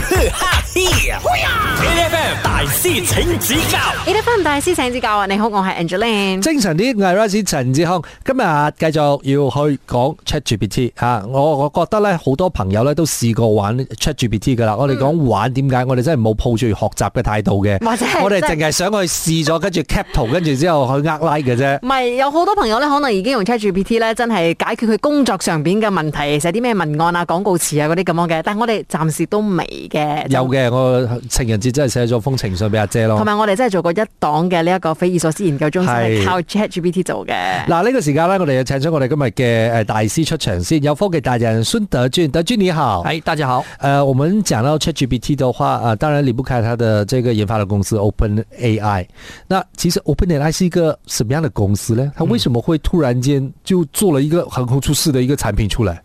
大師請指教，A. F. M. 大師請指教啊！你好，我係 Angeline，精神啲，Iris 陳志康，今日繼續要去講 ChatGPT 啊！我我覺得咧，好多朋友咧都試過玩 ChatGPT 噶啦。我哋講玩點解？嗯、我哋真係冇抱住學習嘅態度嘅，或者係我哋淨係想去試咗，就是，跟住 cap 圖，跟 住之後去呃 like 嘅啫。唔係，有好多朋友咧，可能已經用 ChatGPT 咧，真係解決佢工作上邊嘅問題，寫啲咩文案啊、廣告詞啊嗰啲咁樣嘅。但係我哋暫時都未。嘅有嘅，我情人節真係寫咗封情信俾阿姐咯。同埋我哋真係做過一檔嘅呢一個匪夷所思研究中心是是，係靠 ChatGPT 做嘅。嗱呢個時間咧，我哋就請出我哋今日嘅誒大師出場先。有科技達人孫德俊，德俊你好，係、hey, 大家好。誒、呃，我們講到 ChatGPT 嘅話，啊，當然離不開他的這個研發的公司 OpenAI。那其實 OpenAI 是一個什麼樣的公司咧？他為什麼會突然間就做了一個橫空出世的一個產品出來？嗯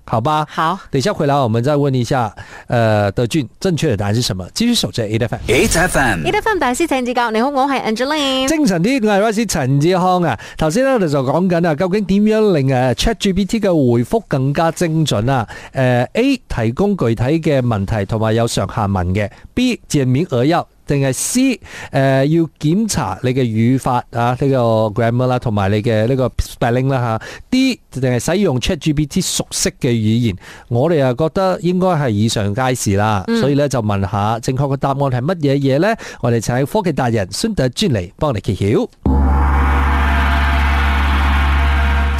好吧，好，等下回來，我們再問一下，誒、呃，德俊，正確的答案是什麼？繼續守在 A d 范，H F M，H F M 大師，請指教。你好，我係 Angeline 精神啲，我係老師陳志康啊。頭先呢，我哋就講緊啊，究竟點樣令誒 Chat GPT 嘅回覆更加精準啊？誒、呃、A 提供具體嘅問題同埋有上下文嘅，B 見面而優，定係 C 誒、呃、要檢查你嘅語法啊呢、呢個 grammar 啦、啊，同埋你嘅呢個 spelling 啦、啊、吓，D。定係使用 ChatGPT 熟悉嘅語言，我哋又覺得應該係以上皆是啦。所以咧就問下正確嘅答案係乜嘢嘢呢？我哋請科技達人孫德俊嚟幫你揭曉。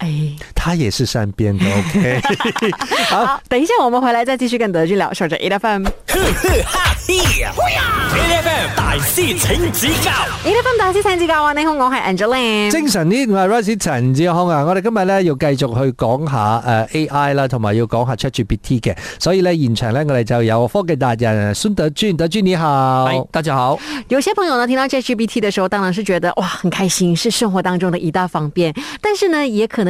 哎，他也是善變的。OK，好， 好，好，等一下我們回來再繼續跟德俊聊。守着 e FM，a FM 大師請指教，A FM 大師請指教啊！你好，我係 Angelina 精神呢，我係 Rusty 陳志康啊！我哋今日咧要繼續去講下誒 AI 啦，同埋要講下 ChatGPT 嘅，所以咧現場咧我哋就有科技達人孫德俊，德俊你好、哎，大家好。有些朋友呢聽到 ChatGPT 的時候，當然是覺得哇很開心，是生活當中的一大方便，但是呢也可能。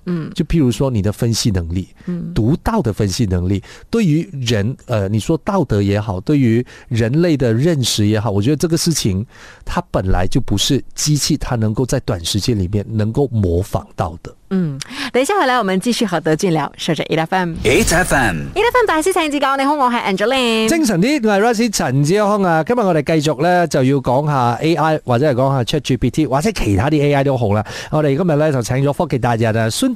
就譬如說你的分析能力，獨、嗯、到的分析能力，對於人，呃，你說道德也好，對於人類的認識也好，我覺得這個事情，它本來就不是機器，它能夠在短時間裏面能夠模仿到的。嗯，等一下回來我們繼續和德俊聊，說着 E F M，E F M，E F M 大師請指教，你好，我係 Angeline 精神啲，我係 Russie 陳志康啊，今日我哋繼續咧就要講下 A I 或者係講下 ChatGPT 或者其他啲 A I 都好啦。我哋今日咧就請咗科技達人孫